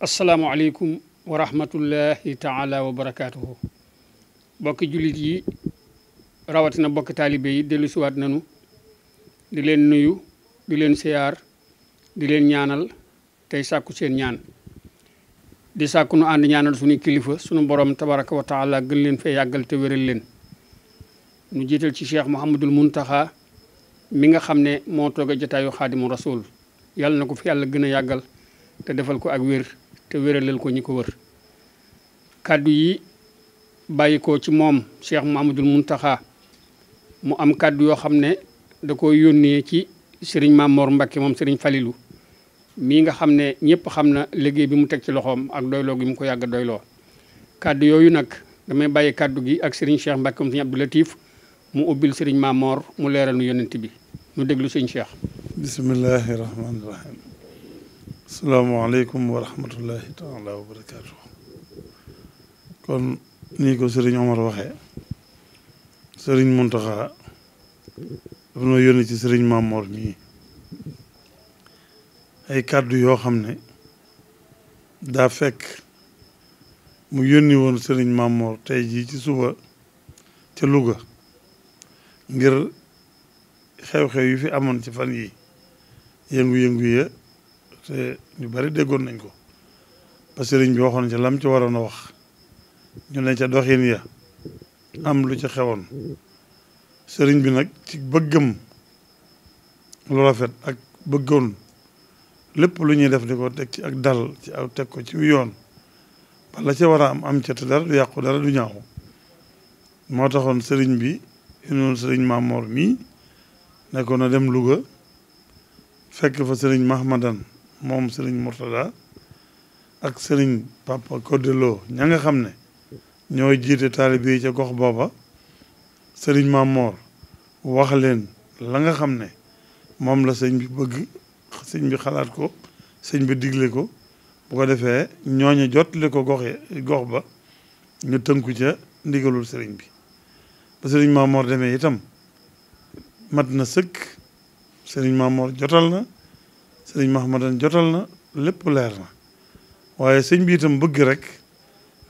asalaamualeykum wa rahmatullahi taala wa barakaatuhu bokki jullit yi rawatina bokki taalibe yi dellu siwaat nanu di leen nuyu di leen siyaar di leen ñaanal tey sàkku seen ñaan di sàkku nu ànd ñaanal suñu kilifa sunu borom tabaraka wa taala gën leen fee yàggal te wéral leen nu jiital ci cheikh mouhamadul muntaxa mi nga xam ne moo toog a jotaayu xaadimu rasul yàlla na ko fi yàlla gën a yàggal te defal ko ak wér te wéralal ko ñi ko wër kàddu yi bàyyi ko ci moom Cheikh Mamadul taxa mu am kàddu yoo xam ne da ko yónnee ci sëriñ Mamor mbakki moom sëriñ Falilu mii nga xam ne ñëpp xam na liggéey bi mu teg ci loxoom ak doyloo gi mu ko yàgg doyloo kàddu yooyu nag damay bàyyi kàddu gi ak sëriñ Cheikh Mbakke moom sëriñ Abdou Latif mu ubbil sëriñ Mamor mu leeral nu yonent bi mu déglu sëriñ Cheikh salaamaaleykum wa rahmatullahi taala wa barakaatu kon nii ko sëriñ Omar waxee sëriñ Muntaxa dafa noo yónni ci sëriñ Mamor mii ay kàddu yoo xam ne daa fekk mu yónni woon sëriñ Mamor tey jii ci suba ci luga ngir xew-xew yu fi amoon ci fan yi yëngu-yëngu ya te ñu bari déggoon nañ ko parce sëriñ bi waxoon ci lam ci waroon a wax ñu ne ca doxin ya am lu ci xewoon sëriñ bi nag ci bëggam lu rafet ak bëggoon lépp lu ñuy def di ko teg ci ak dal ci aw teg ko ci yoon bala ca war a am am ca te dara du yàqu dara du ñaaw moo taxoon sëriñ bi inoon sëriñ Maamoor mii nekkoon na dem Louga fekk fa sëriñ Mahmadan moom sëriñ Mourtada ak sëriñ Papa Codelo ña nga xam ne ñooy jiite taalibe yi ca gox booba sëriñ Mamor wax leen la nga xam ne moom la sëñ bi bëgg sëñ bi xalaat ko sëñ bi digle ko bu ko defee ñooñu jottali ko gox gox ba ñu tënku ca ndigalul sëriñ bi ba sëriñ Mamor demee itam mat na sëkk sëriñ Mamor jotal na sëriñ Mahamadan jotal na lépp leer na waaye sëñ bi itam bëgg rek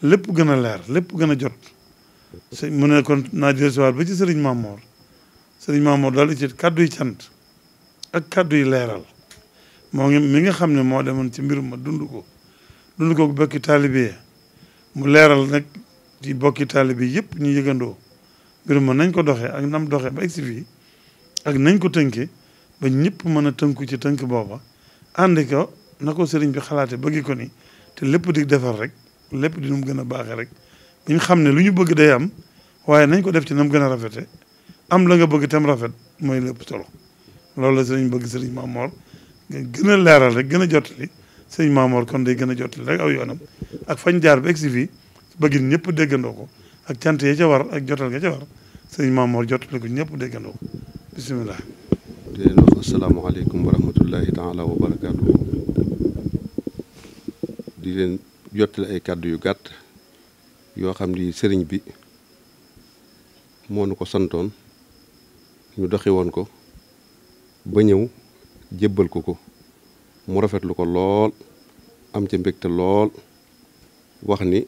lépp gën a leer lépp gën a jot sëñ mu ne kon naa dellusiwaat ba ci sëriñ Mamoor sëriñ Mamoor daal ci kàddu yi cant ak kàddu yi leeral moo ngi mi nga xam ne moo demoon ci mbirum ma dund ko dund ko bokki taalibe mu leeral nag ci bokki taalibe yëpp ñu yëgandoo mbirum ma nañ ko doxee ak nam doxe ba egsi fii ak nañ ko tënke ba ñëpp mën a tënku ci tënk booba ànd ko na ko sëriñ bi xalaate bëgg ko ni te lépp di defar rek lépp di mu gën a baaxee rek bu ñu xam ne lu ñu bëgg day am waaye nañ ko def ci na mu gën a rafete am la nga bëgg tam rafet mooy lépp solo loolu la sëriñ bëgg sëriñ Mamor nga gën a leeral rek gën a jottali sëriñ Mamor kon day gën a jottali rek aw yoonam ak fañ jaar bi egsi fii bëggin ñëpp déggandoo ko ak cant ya ca war ak jotal nga ca war sëriñ Mamor ko ñëpp déggandoo ko bisimilah. di leen wax asalaamaaleykum wa rahmatullahi taala wa barakaatu di leen jottale ay kàddu yu gàtt yoo xam ni sëriñ bi moo nu ko santoon ñu doxi woon ko ba ñëw jébbal ko ko mu rafetlu ko lool am ca mbégte lool wax ni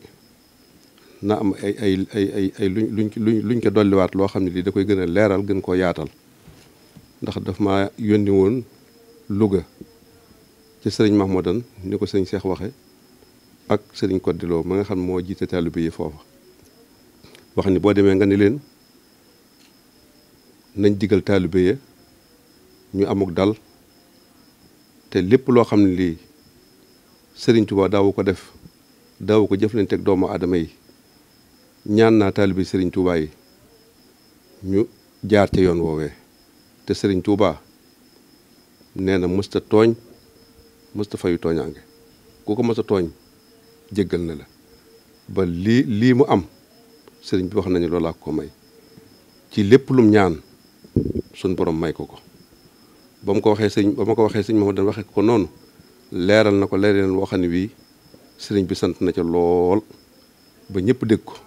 na am ay ay ay ay lu luñ luñ luñ ko dolliwaat loo xam ne lii da koy gën a leeral gën koo yaatal ndax daf ma yónni woon Louga ci sëriñ Mahmoudan ni ko sëriñ Cheikh waxe ak sëriñ Kodiloo ma nga xam moo jiite taalibe yi foofa wax ni boo demee nga ni leen nañ digal taalibe ya ñu amuk dal te lépp loo xam ne lii sëriñ Tuubaa daawu ko def daawu ko jëflante ak doomu aadama yi ñaan naa taalibe sëriñ Tuubaa yi ñu jaar ca yoon woowee te sëriñ tuubaa nee na mësta tooñ mësta fayu tooñaange ku ko mësta tooñ jéggal na la ba lii lii mu am sëriñ bi wax nañu loolaa ko may ci lépp lum ñaan sun borom may ko ko ba mu ko waxee sëriñ ba ma ko waxee sëriñ Mamadou waxee ko noonu leeral na ko leerleen woo xam ne wii sëriñ bi sant na ca lool ba ñépp dégg ko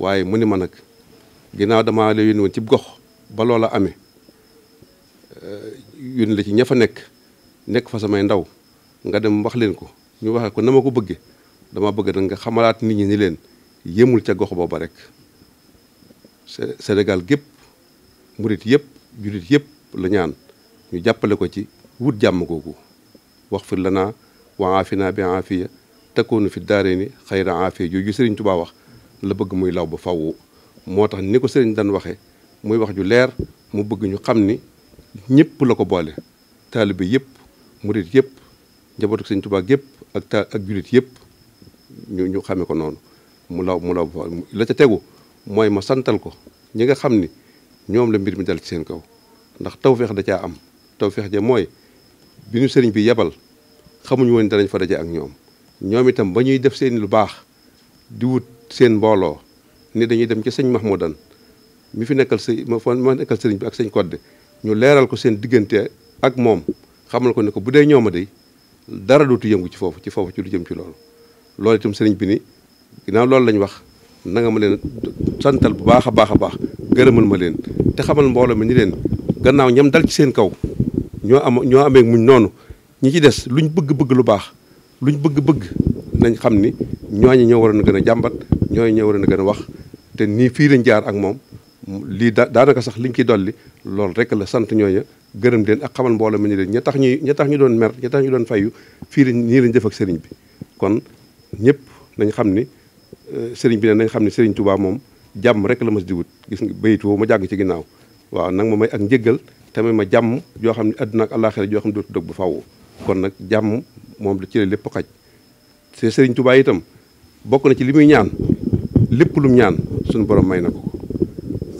waaye mu ni ma nag ginnaaw damaa la yónni woon ci gox ba loola amee Euh, yónni la ci ña fa nekk nekk fa samay ndaw nga dem wax leen ko ñu waxee ko na ma ko bëggee dama bëgg nag nga xamalaat nit ñi ni leen yëmul ca gox booba rek senegal gépp murit yëpp julit yëpp la ñaan ñu jàppale ko ci wut jàmm googu wax fir lana wa aafina bi aafiya takkoonu fi daare ni xayra aafiya jooju Sëriñ Tubaa wax la bëgg muy law ba fawwu moo tax ni ko sëriñ daan waxe muy wax ju leer mu bëgg ñu xam ni ñëpp la ko boole taalibe yëpp murit yëpp njabootu sëñ Tuubaa yëpp ak ta ak julit yëpp ñu ñu xamee ko noonu mu law mu law la ca tegu mooy ma santal ko ñi nga xam ni ñoom la mbir mi dal ci seen kaw ndax taw tawfeex da caa am taw tawfeex ja mooy binu ñu sëriñ bi yebal xamuñu woon danañ fa daje ak ñoom ñoom itam ba ñuy def seen lu baax di wut seen mbooloo ni dañuy dem ci sëñ Mahmoudan mi fi nekkal sëñ ma nekkal sëriñ bi ak sëñ Kodde ñu leeral ko seen diggante ak moom xamal ko ne ko bu dee ñoom a day dara dootu yëngu ci foofu ci foofu ci lu jëm ci loolu loolu itam sëriñ bi ni ginnaaw loolu lañ wax na nga ma leen santal bu baax a baax a baax gërëmal ma leen te xamal mbooloo mi ni leen gannaaw ñam dal ci seen kaw ñoo am ñoo amee muñ noonu ñi ci des luñ bëgg-bëgg lu baax lu ñu bëgg-bëgg nañ xam ni ñooñu ñoo na a gën a jàmbat ñooñu ñoo na a gën a wax te nii fii lañ jaar ak moom lii da daanaka sax liñ ciy dolli loolu rek la sant ñooña gërëm leen ak xamal mbooloo mi ñu leen ña ñuy ña ñu doon mer ña tax ñu doon fayu fii lañ nii lañ def ak sëriñ bi kon ñëpp nañ xam ni euh, sëriñ bi ne nañ xam ni sëriñ tubaa moom jàmm rek la mas di gis nga bayit woo ma jàgg ci ginnaaw waaw nag ma may ak njëggal tamit ma jàmm joo xam ne àdduna ak àllaaxira joo xam ne dootu dog bu faww kon nag jàmm moom la ci lépp xaj te sëriñ Touba itam bokk na ci li muy ñaan lépp lum ñaan suñu borom may na ko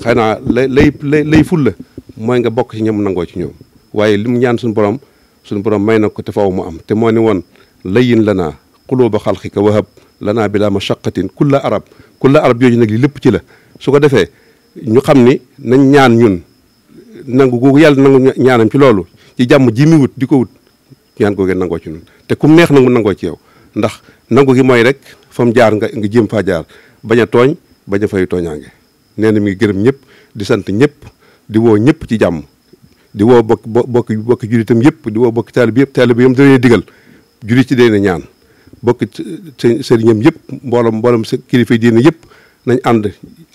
xëy naa lay lay lay fulla mooy nga bokk ci ñoom nangoo ci ñoom waaye li mu ñaan suñu borom suñu borom may na ko te faw mu am te moo ni woon layin lanaa xuluuba xalqika wahab lanaa bilaa mashaqqatin kulla arab kulla arab yooyu nag li lépp ci la su ko defee ñu xam ni nañ ñaan ñun nangu googu yàlla nangu ñaanam ci loolu ci jàmm ji mi wut di ko wut ñaan googee nangoo ci ñun te kum neex nag nangoo ci yow ndax nangu ki mooy rek fa jaar nga nga jéem faa jaar bañ a tooñ bañ a fayu nee na mi ngi gërëm ñëpp di sant ñëpp di woo ñëpp ci jàmm di woo bokk bokk bokk jullitam yëpp di woo bokk taalib yëpp taalib yam dañuy digal jullit ci dee na ñaan bokk sëriñam yëpp mboolem mboolem sa kilifa diine yëpp nañ ànd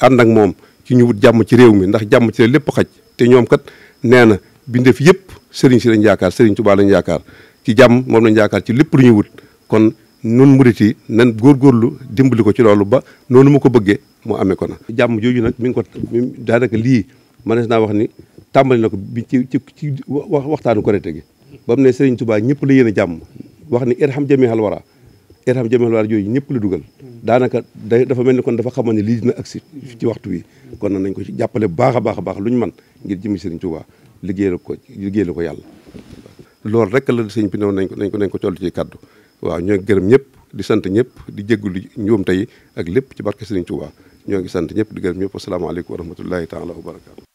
ànd ak moom ci ñu wut jàmm ci réew mi ndax jàmm ci la lépp xaj te ñoom kat nee na bindef yëpp sëriñ si lañ yaakaar sëriñ Tuubaa lañ yaakaar ci jàmm moom nañ yaakaar ci lépp lu ñuy wut kon nun di yi nan góor góorgóorlu dimbali ko ci loolu ba noonu ma ko bëggee mu amee ko na jàmm jooju nag mi ngi ko daanaka lii mënees naa wax ni tàmbali na ko bi ci ci ci waxtaanu korite gi ba mu ne Serigne Touba ñëpp la yéen a jàmm wax ni irham jami hal wara irham jami hal wara jooju ñëpp la dugal daanaka day dafa mel ni kon dafa xamoon ne lii dina agsi ci waxtu wi kon nag nañ ko ci jàppale baax a baax a baax lu ñu man ngir jëmi Serigne Touba liggéeyal ko liggéeyal ko yàlla lool rek la sëñ bi noonu nañ ko nañ ko nañ ko toll ci kaddu waaw ñoo gërëm ñëpp di sant ñëpp di jéggulu ñoom tey ak lépp ci barke Serigne Touba ñoo ngi sant ñëpp di gërëm ñëpp asalaamaaleykum wa rahmatullahi taala wa barakaatu